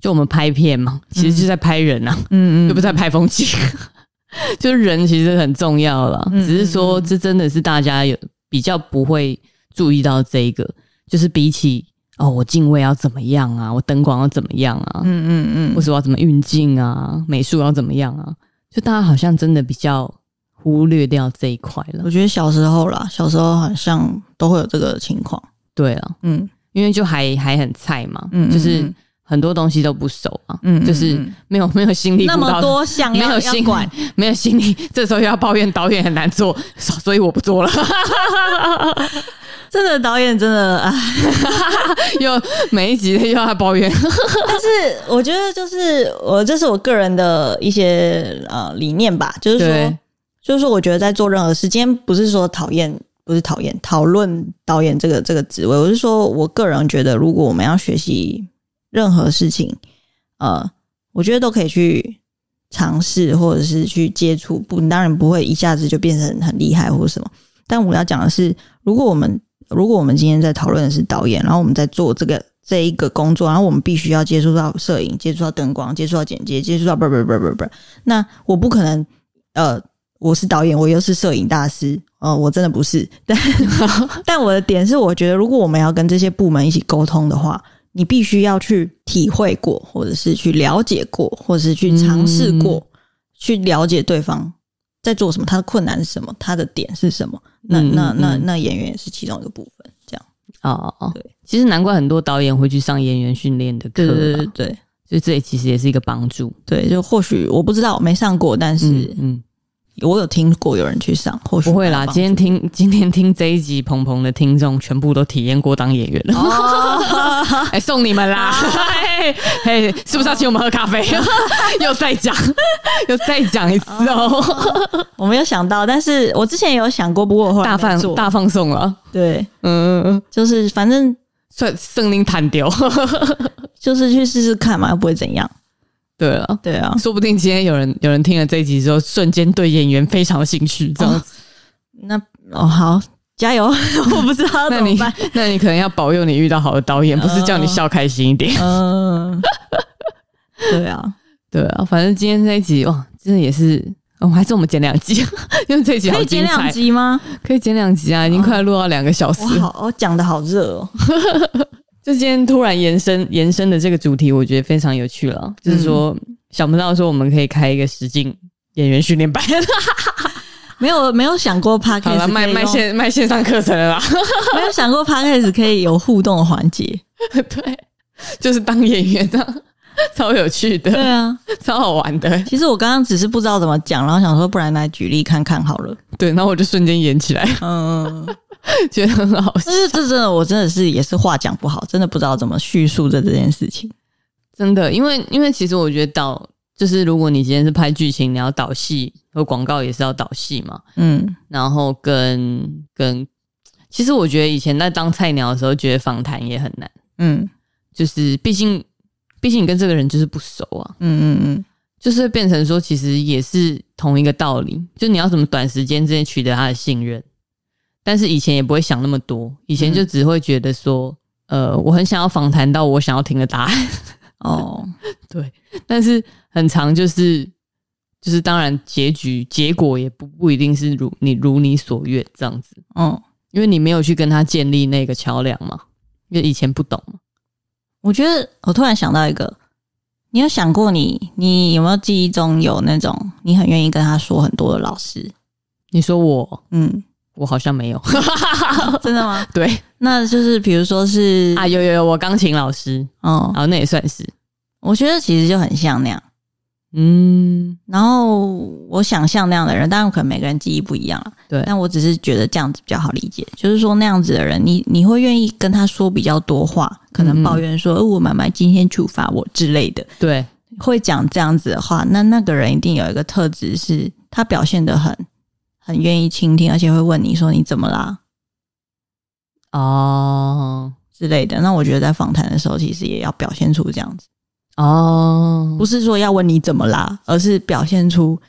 就我們拍片嘛，其實就在拍人啊，嗯嗯，又不在拍風景、啊嗯嗯，就人其實很重要了、嗯嗯嗯，只是說這真的是大家有比較不會注意到這一個，就是比起哦，我鏡位要怎麼樣啊，我燈光要怎麼樣啊，嗯嗯嗯，或者要怎麼運鏡啊，美術要怎麼樣啊，就大家好像真的比較。忽略掉這一塊了。我覺得小時候啦，小時候好像都會有這個情況。對啊，嗯，因為就還還很菜嘛，嗯，嗯，嗯，就是很多東西都不熟啊，嗯，嗯，嗯，嗯，就是沒有沒有心理，那麼多想要，沒有心管沒有心，沒有心理，這時候又要抱怨導演很難做，所以我不做了。 真的導演真的啊， 又每一集又要抱怨。 但是我覺得就是我這是我個人的一些呃理念吧，就是說。就是說，我覺得在做任何事，今天不是說討厭，不是討厭討論導演這個這個職位。我是說我個人覺得，如果我們要學習任何事情，呃，我覺得都可以去嘗試，或者是去接觸。不，當然不會一下子就變成很厲害或什麼。但我要講的是，如果我們如果我們今天在討論的是導演，然後我們在做這個這一個工作，然後我們必須要接觸到攝影，接觸到燈光，接觸到剪接，接觸到不不不不不，那我不可能呃。我是導演，我又是攝影大師，呃，我真的不是，但 但我的點是，我覺得如果我們要跟這些部門一起溝通的話，你必須要去體會過，或者是去了解過，或者是去嘗試過、嗯、去了解對方在做什麼，他的困難是什麼，他的點是什麼。那、嗯、那那、嗯、那演員也是其中一個部分，這樣。哦哦哦，對，其實難怪很多導演會去上演員訓練的課，對對對，對，所以這裡其實也是一個幫助。對，就或許我不知道我沒上過，但是嗯。嗯我有聽過有人去上，或許不會啦。今天聽今天聽這一集朋朋的聽眾，全部都體驗過當演員了。哎、哦 欸，送你們啦！哦、嘿，嘿是不是要請我們喝咖啡？哦、 又再講，又再講一次、喔、哦。我沒有想到，但是我之前也有想過，不過我大放大放送了。對，嗯，就是反正算生命坦丟， 就是去試試看嘛，又不會怎樣。對啊，對啊，說不定今天有人有人聽了這一集之後，瞬間對演員非常有興趣，這樣子。哦那哦好，加油！我不知道， 那你那你可能要保佑你遇到好的導演，呃、不是叫你笑開心一點。嗯、呃， 對啊，對啊，反正今天這一集哇，真的也是，我、哦、們還是我們剪兩集、啊，因為這一集好精彩。可以剪兩集嗎？可以剪兩集啊，已經快要錄到兩個小時。哦、我好，講得好熱哦。 就今天突然延伸延伸的這個主題，我覺得非常有趣了、嗯。就是說，想不到說我們可以開一個實景演員訓練班， 沒有沒有想過 Podcast。好了，賣賣線賣線上課程了，沒有想過 Podcast 可以有互動環節，對，就是當演員的，超有趣的，對啊，超好玩的。其實我剛剛只是不知道怎麼講，然後想說，不然來舉例看看好了。對，然後我就瞬間演起來，嗯。 覺得很好笑，但是，這真的，我真的是也是話講不好，真的不知道怎麼敘述的這件事情。真的，因為因為其實我覺得導就是如果你今天是拍劇情，你要導戲，或者廣告也是要導戲嘛，嗯，然後跟跟，其實我覺得以前在當菜鳥的時候，覺得訪談也很難，嗯，就是畢竟畢竟你跟這個人就是不熟啊，嗯嗯嗯，就是變成說其實也是同一個道理，就你要怎麼短時間之間取得他的信任。但是以前也不會想那麼多，以前就只會覺得說，嗯、呃，我很想要訪談到我想要聽的答案。哦， 對，但是很常、就是，就是就是，當然結局結果也不不一定是如你，你如你所願這樣子。嗯、哦，因為你沒有去跟他建立那個橋樑嘛，因為以前不懂。我覺得我突然想到一個，你有想過你你有沒有記憶中有那種你很願意跟他說很多的老師？你說我，嗯。我好像沒有、 啊，真的嗎？對，那就是，比如說是啊，有有有，我鋼琴老師，哦，啊、哦，那也算是。我覺得其實就很像那樣，嗯。然後我想像那樣的人，當然可能每個人記憶不一樣了，對。但我只是覺得這樣子比較好理解，就是說那樣子的人，你你會願意跟他說比較多話，可能抱怨說“嗯呃、我媽媽今天處罰我”之類的，對，會講這樣子的話。那那個人一定有一個特質，是他表現得很。很願意傾聽，而且會問你說你怎麼啦？哦、oh. 之類的。那我覺得在訪談的時候，其實也要表現出這樣子哦，oh. 不是說要問你怎麼啦，而是表現出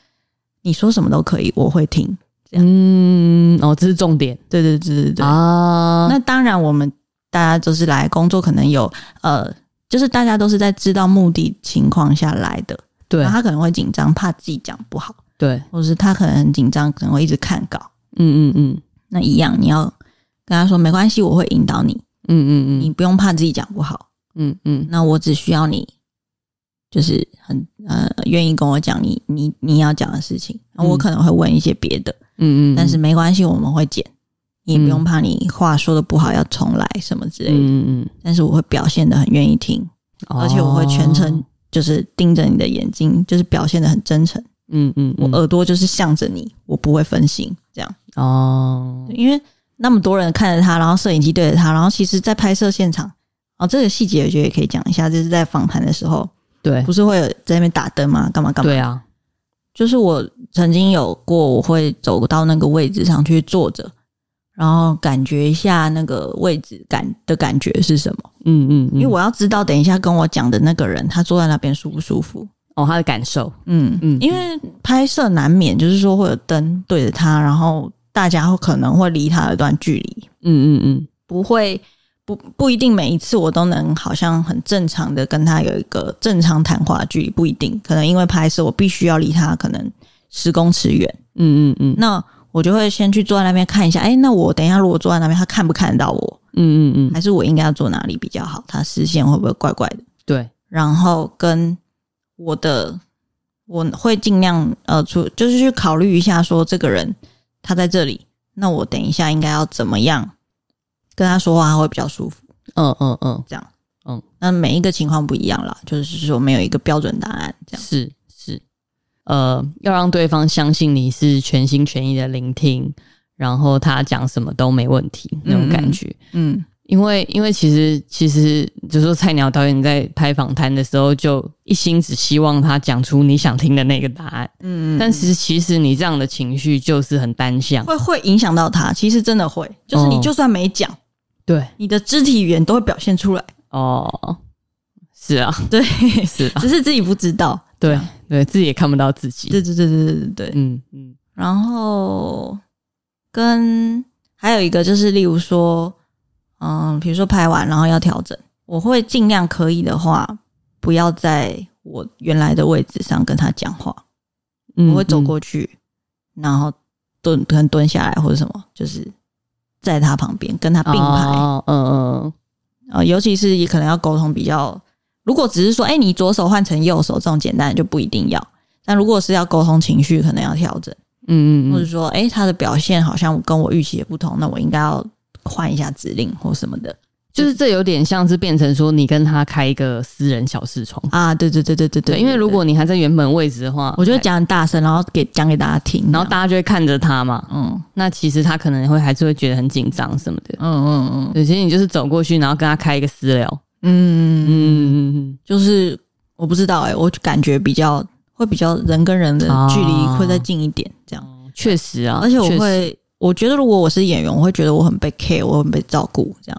你說什麼都可以，我會聽。這樣嗯，哦，這是重點，對對對對對哦，oh. 那當然，我們大家就是來工作，可能有呃，就是大家都是在知道目的情況下來的，對，他可能會緊張，怕自己講不好。對，或是他可能很緊張，可能會一直看稿。嗯嗯嗯，那一樣，你要跟他說沒關係，我會引導你。嗯嗯嗯，你不用怕自己講不好。嗯嗯，那我只需要你，就是很呃願意跟我講你你你要講的事情。然、嗯、後我可能會問一些別的。嗯嗯，但是沒關係，我們會剪。嗯、你也不用怕你話說的不好要重來什麼之類的。嗯嗯，但是我會表現的很願意聽、哦，而且我會全程就是盯着你的眼睛，就是表現的很真誠。嗯嗯，嗯，我耳朵就是向着你，我不會分心，這樣。哦。因為那麼多人看着他，然後攝影機對着他，然後其實，在拍攝現場，哦，這個細節我覺得也可以講一下，就是在訪談的時候，對，不是會有在那邊打燈嗎？幹嘛幹嘛？對啊，就是我曾經有過，我會走到那個位置上去坐着，然後感覺一下那個位置感的感覺是什麼？嗯嗯，嗯，因為我要知道，等一下跟我講的那個人，他坐在那邊舒不舒服。哦，他的感受，嗯嗯，因為拍攝難免就是說會有燈對着他，然後大家可能會離他有一段距離，嗯嗯嗯，不會不不一定每一次我都能好像很正常的跟他有一個正常談話距離，不一定，可能因為拍攝我必須要離他可能十公尺遠，嗯嗯嗯，那我就會先去坐在那邊看一下，哎，那我等一下如果坐在那邊他看不看得到我，嗯嗯嗯，還是我應該要坐哪裡比較好，他視線會不會怪怪的？對，然後跟。我的我會盡量呃，出就是去考慮一下，說這個人他在這裡，那我等一下應該要怎麼樣跟他說話他會比較舒服？嗯嗯嗯，這樣，嗯，那每一個情況不一樣啦，就是、就是說沒有一個標準答案，這樣是是，呃，要讓對方相信你是全心全意的聆聽，然後他講什麼都沒問題、嗯、那種感覺，嗯。嗯因為，因為其實，其實就是說，菜鳥導演在拍訪談的時候，就一心只希望他講出你想聽的那個答案。嗯，嗯，但是其實你這樣的情緒就是很單向，會會影響到他。其實真的會，就是你就算沒講、哦，對，你的肢體語言都會表現出來。哦，是啊，對，是啊，只是自己不知道，啊、對，對自己也看不到自己。對，對，對，對，對，對，嗯嗯。然後跟還有一個就是，例如說。嗯，比如說拍完，然後要調整，我會盡量可以的話，不要在我原來的位置上跟他講話。嗯。我會走過去，然後蹲，蹲蹲下來或者什麼，就是在他旁邊跟他並排。嗯、哦、嗯。嗯、呃。尤其是你可能要溝通比較，如果只是說，哎、欸，你左手換成右手這種簡單的就不一定要。但如果是要溝通情緒，可能要調整。嗯嗯。或者說，哎、欸，他的表現好像跟我預期也不同，那我應該要。換一下指令或什麼的，就是這有點像是變成說你跟他開一個私人小視窗啊！對對對對對對，對，因為如果你還在原本位置的話，我就會講很大聲，然後給講給大家聽然，然後大家就會看着他嘛。嗯，嗯，那其實他可能會還是會覺得很緊張什麼的。嗯嗯嗯，嗯，對其實你就是走過去，然後跟他開一個私聊。嗯嗯嗯嗯，就是我不知道哎、欸，我感覺比較會比較人跟人的距離會再近一點，啊、這樣確實啊、哦，而且我會。我覺得如果我是演員，我會覺得我很被 care，我很被照顧，這樣。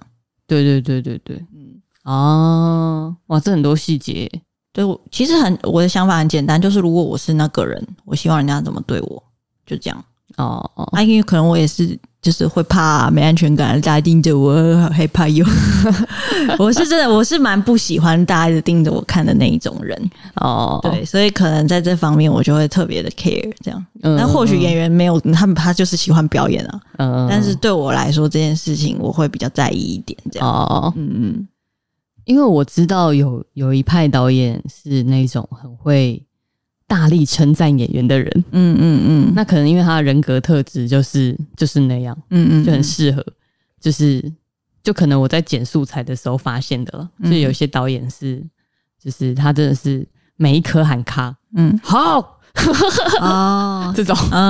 對對對對對，嗯啊、哦，哇，這很多細節。對，我其實很我的想法很簡單，就是如果我是那個人，我希望人家怎麼對我，就這樣。哦哦，那、啊、因為可能我也是。嗯就是會怕沒安全感，大家盯着我，害怕有。 我是真的，我是蠻不喜歡大家一直盯着我看的那一種人哦。對，所以可能在這方面我就會特別的 care 這樣。那、嗯、或許演員沒有他，他就是喜歡表演啊。嗯，但是對我來說，這件事情我會比較在意一點這樣。哦，嗯，因為我知道有有一派導演是那種很會。大力稱讚演員的人，嗯嗯嗯，那可能因為他的人格特質就是就是那樣，嗯嗯，就很適合、嗯，就是就可能我在剪素材的時候發現的了，嗯、所以有些導演是，就是他真的是每一顆喊卡，嗯，好，啊、哦， 這種，嗯、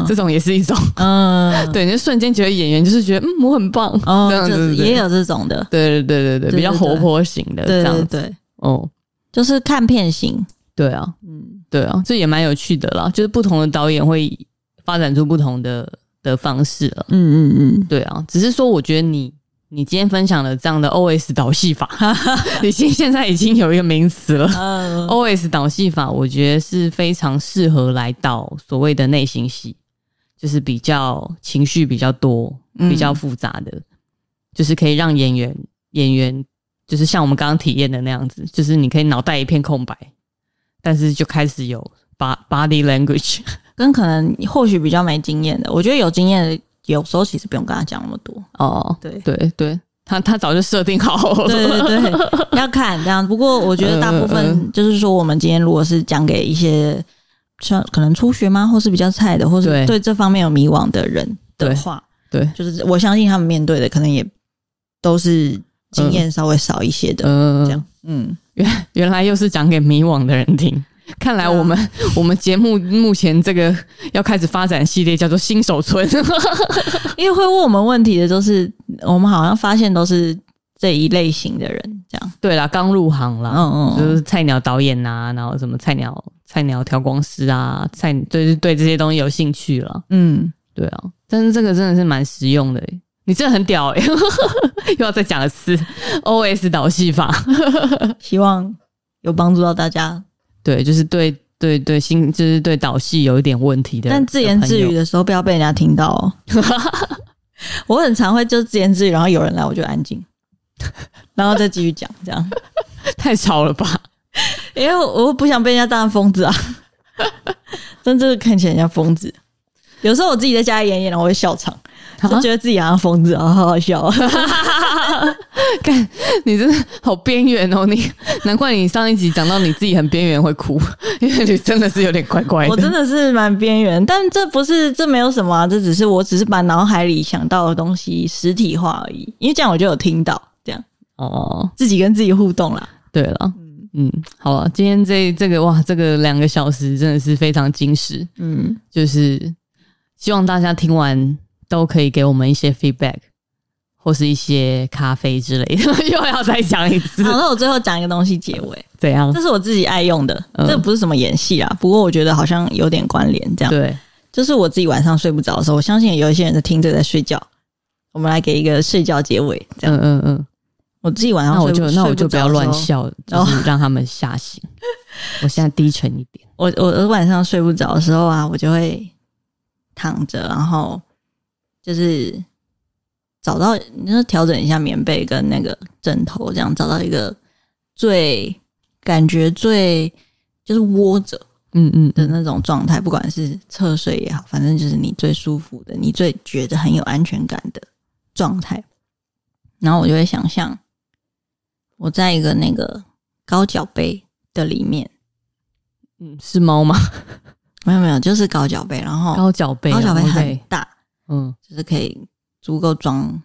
哦，這種也是一種，嗯、哦， 對，你就瞬間覺得演員就是覺得，嗯，我很棒，這樣子，對對對對對就是、也有這種的，對對對對對，比較活潑型的，這樣子對對對對，哦，就是看片型，對啊，嗯。對啊，這也蠻有趣的啦，就是不同的導演會發展出不同的的方式了。嗯嗯嗯，對啊，只是說我覺得你你今天分享了這樣的 OS 導戲法，哈哈已經現在已經有一個名詞了、嗯。OS 導戲法，我覺得是非常適合來導所謂的內心戲，就是比較情緒比較多、比較複雜的，嗯、就是可以讓演員演員就是像我們剛剛體驗的那樣子，就是你可以腦袋一片空白。但是就開始有 body language，跟可能或許比較沒經驗的，我覺得有經驗的有時候其實不用跟他講那麼多哦。對對對，對對對，他他早就設定好了。對對，要看這樣。不過我覺得大部分就是說，我們今天如果是講給一些像可能初學嗎，或是比較菜的，或是對這方面有迷惘的人的話，對，對，就是我相信他們面對的可能也都是經驗稍微少一些的，嗯，這樣。嗯，原原來又是講給迷惘的人聽。看來我們、嗯、我們節目目前這個要開始發展系列，叫做新手村呵呵，因為會問我們問題的就是我們好像發現都是這一類型的人。這樣對啦，剛入行啦，嗯、哦、嗯、哦，就是菜鳥導演啊，然後什麼菜鳥菜鳥調光師啊，菜對對，對這些東西有興趣了。嗯，對啊，但是這個真的是蠻實用的、欸。你真的很屌哎，欸！ 又要再講一次 OS 導戲法， 希望有幫助到大家。對，就是對對對，新就是對導戲有一點問題的。但自言自語的時候，不要被人家聽到哦。 我很常會就自言自語，然後有人來我就安靜， 然後再繼續講。這樣 太吵了吧？ 因為我不想被人家當成瘋子啊！ 真的看起來像瘋子。有時候我自己在家裡演演，然後我會笑場。啊、就覺得自己好像瘋子，好好笑。看， 你真的好邊緣哦！你難怪你上一集講到你自己很邊緣會哭，因為你真的是有點怪怪的。我真的是蠻邊緣，但這不是，這沒有什麼、啊，這只是我只是把腦海裡想到的東西實體化而已。因為這樣我就有聽到，這樣哦，自己跟自己互動啦。對了，嗯嗯，好了，今天這這個哇，這個兩個小時真的是非常精實。嗯，就是希望大家聽完。都可以給我們一些 feedback，或是一些咖啡之類的。又 要再講一次。好，那我最後講一個東西結尾。怎樣？這是我自己愛用的，嗯、這不是什麼演戲啊。不過我覺得好像有點關聯這樣。對，就是我自己晚上睡不着的時候，我相信也有一些人在聽着在睡覺。我們來給一個睡覺結尾。這樣，嗯嗯嗯，我自己晚上睡我就睡不著的時候，那我就不要亂笑，然、哦、後、就是、讓他們嚇醒。 我現在低沉一點。我我我晚上睡不着的時候啊，我就會躺着，然後。就是找到你要調整一下棉被跟那個枕頭，這樣找到一個最感覺最就是窩着，嗯嗯的那種狀態，不管是側睡也好，反正就是你最舒服的，你最覺得很有安全感的狀態。然後我就會想象我在一個那個高腳杯的裡面，嗯，是貓嗎？沒有沒有，就是高腳杯，然後高腳杯，高腳杯很大。哦，okay。嗯，就是可以足夠裝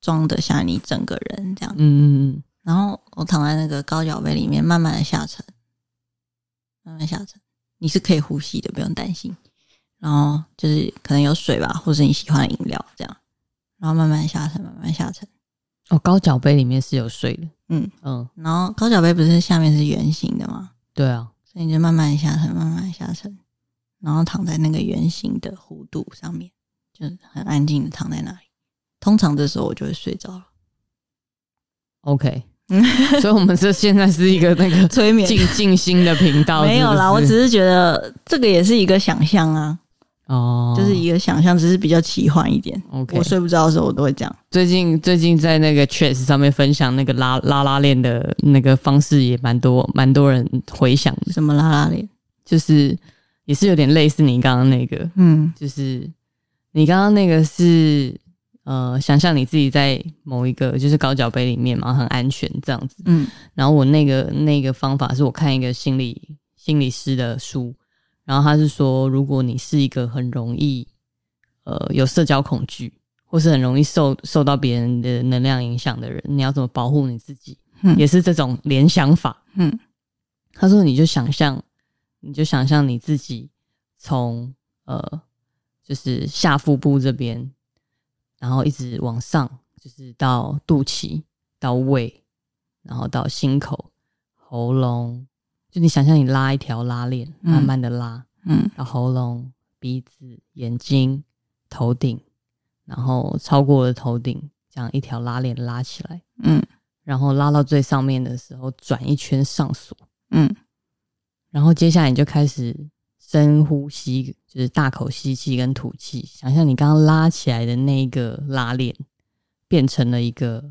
裝得下你整個人這樣。嗯嗯嗯。然後我躺在那個高腳杯裡面，慢慢的下沉，慢慢下沉。你是可以呼吸的，不用擔心。然後就是可能有水吧，或是你喜歡的飲料這樣。然後慢慢的下沉，慢慢下沉。哦，高腳杯裡面是有水的。嗯嗯，嗯。然後高腳杯不是下面是圓形的嗎？對啊。所以你就慢慢的下沉，慢慢的下沉。然後躺在那個圓形的弧度上面。就很安靜的躺在那裡，通常這時候我就會睡着了。OK， 所以我們這現在是一個那個催眠靜靜心的頻道是不是？ 沒有啦。我只是覺得這個也是一個想象啊，哦、oh,，就是一個想象，只是比較奇幻一點。OK，我睡不着的時候我都會這樣。最近最近在那個 Threads 上面分享那個拉拉拉鏈的那個方式也蠻多，蠻多人回響的。什麼拉拉鏈？就是也是有點類似你剛剛那個，嗯，就是。你剛剛那個是呃，想象你自己在某一個就是高腳杯裡面嘛，很安全這樣子。嗯，然後我那個那個方法是我看一個心理心理師的書，然後他是說，如果你是一個很容易呃有社交恐懼，或是很容易受受到別人的能量影響的人，你要怎麼保護你自己？嗯，也是這種聯想法。嗯，他說你就想象，你就想象你自己從呃。就是下腹部這邊，然後一直往上，就是到肚臍、到胃，然後到心口、喉嚨。就你想象你拉一條拉鏈、嗯，慢慢的拉，嗯，然後喉嚨、鼻子、眼睛、頭頂，然後超過了頭頂，這樣一條拉鏈拉起來，嗯，然後拉到最上面的時候轉一圈上鎖，嗯，然後接下來你就開始。深呼吸，就是大口吸氣跟吐氣。想象你剛剛拉起來的那一個拉鏈，變成了一個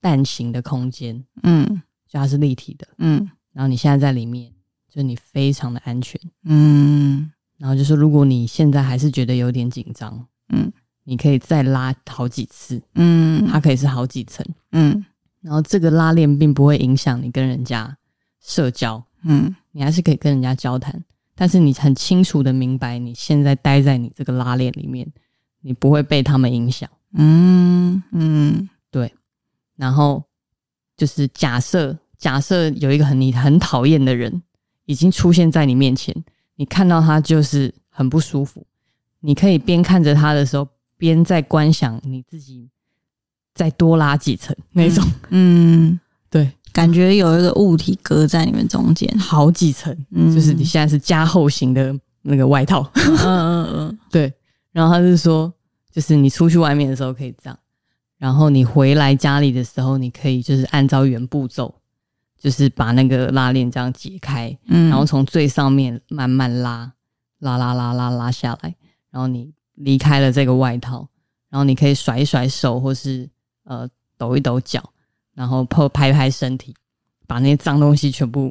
蛋形的空間，嗯，就它是立體的，嗯。然後你現在在裡面，就是你非常的安全，嗯。然後就是如果你現在還是覺得有點緊張，嗯，你可以再拉好幾次，嗯，它可以是好幾層，嗯。然後這個拉鏈並不會影響你跟人家社交，嗯，你還是可以跟人家交談。但是你很清楚的明白，你現在待在你這個拉鏈裡面，你不會被他們影響。嗯嗯，對。然後就是假設，假設有一個很你很討厭的人已經出現在你面前，你看到他就是很不舒服。你可以邊看着他的時候，邊在觀想你自己再多拉幾層那種。嗯，嗯，對。感覺有一個物體擱在你們中間，好幾層，嗯，就是你現在是加厚型的那個外套。嗯嗯嗯，對。然後他是說，就是你出去外面的時候可以這樣，然後你回來家裡的時候，你可以就是按照原步驟，就是把那個拉鏈這樣解開，嗯，然後從最上面慢慢拉，拉，拉拉拉拉拉下來。然後你離開了這個外套，然後你可以甩一甩手，或是呃抖一抖腳。然後拍拍拍身體，把那些髒東西全部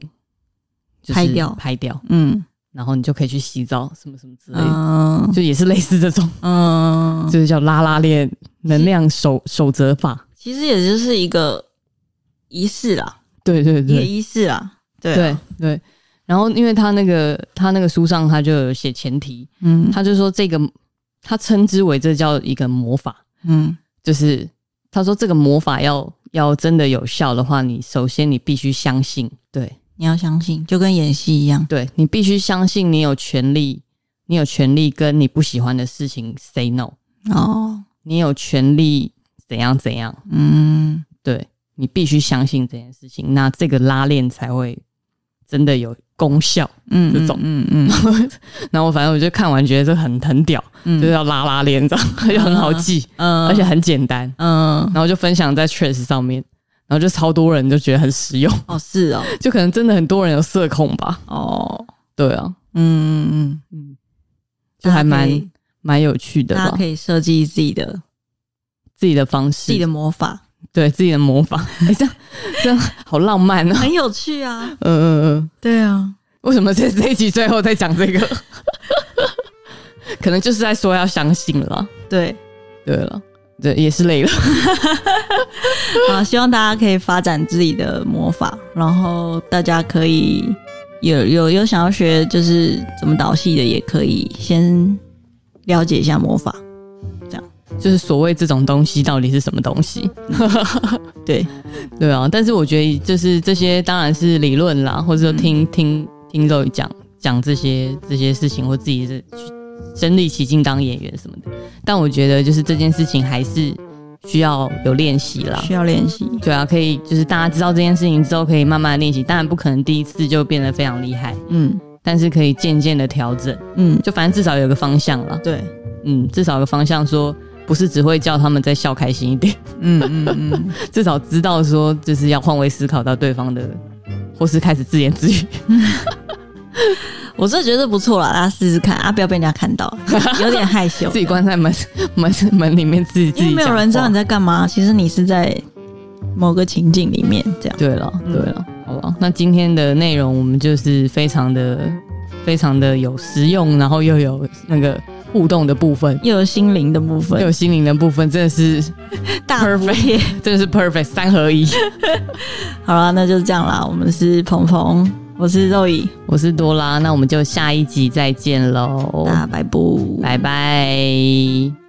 拍掉，拍掉。嗯，然後你就可以去洗澡，什麼什麼之類的，嗯，就也是類似這種。嗯，就是叫拉拉鏈能量守守則法，其實也就是一個儀式啦，對對對，儀式啦，對啊，對，對。然後因為他那個他那個書上他就有寫前提，嗯，他就說這個他稱之為這叫一個魔法，嗯，就是他說這個魔法要。要真的有效的話，你首先你必須相信，對，你要相信，就跟演戲一樣，對你必須相信你有權利，你有權利跟你不喜歡的事情 say no，哦，你有權利怎樣怎樣，嗯，對你必須相信這件事情，那這個拉鏈才會。真的有功效，嗯，這種，嗯嗯， 然後我反正我就看完，覺得這很很屌，嗯、就是要拉拉鏈這樣、嗯、 就很好記，嗯，而且很簡單，嗯，然後就分享在 Threads 上面，然後就超多人就覺得很實用，哦，是哦，就可能真的很多人有社恐吧，哦， 對啊，嗯嗯嗯嗯，就還蠻蠻有趣的，大家可以設計自己的自己的方式，自己的魔法。對自己的模仿。欸、這樣這樣好浪漫啊、喔！很有趣啊，嗯嗯嗯，對啊。為什麼在這這一集最後在講這個？ 可能就是在說要相信了。對，對了，對，也是累了。 好，希望大家可以發展自己的魔法，然後大家可以有有有想要學就是怎麼導戲的，也可以先了解一下魔法。就是所謂這種東西到底是什麼東西？ 對，對對啊，但是我覺得就是這些當然是理論啦，或者說聽、嗯、聽聽周講講這些這些事情，或自己是去身歷其境當演員什麼的。但我覺得就是這件事情還是需要有練習啦，需要練習。對啊，可以就是大家知道這件事情之後，可以慢慢練習。當然不可能第一次就變得非常厲害，嗯，但是可以漸漸的調整，嗯，就反正至少有個方向了。對，嗯，至少有個方向說。不是只會叫他們再笑開心一點，嗯嗯嗯，至少知道說就是要換位思考到對方的，或是開始自言自語。 我是覺得是不錯了，大家試試看啊，不要被人家看到，有點害羞， 自己關在門門門裡面自己。自己沒有人知道你在幹嘛，其實你是在某個情境裡面這樣。對了對了，嗯，好吧，那今天的內容我們就是非常的非常的有實用，然後又有那個。互動的部分，又有心靈的部分，又有心靈的部分，真的是 perfect，大真的是 perfect 三合一。 好了，那就這樣啦。我們是朋朋，我是 Zoe，我是多拉。那我們就下一集再見嘍！大白布，拜拜。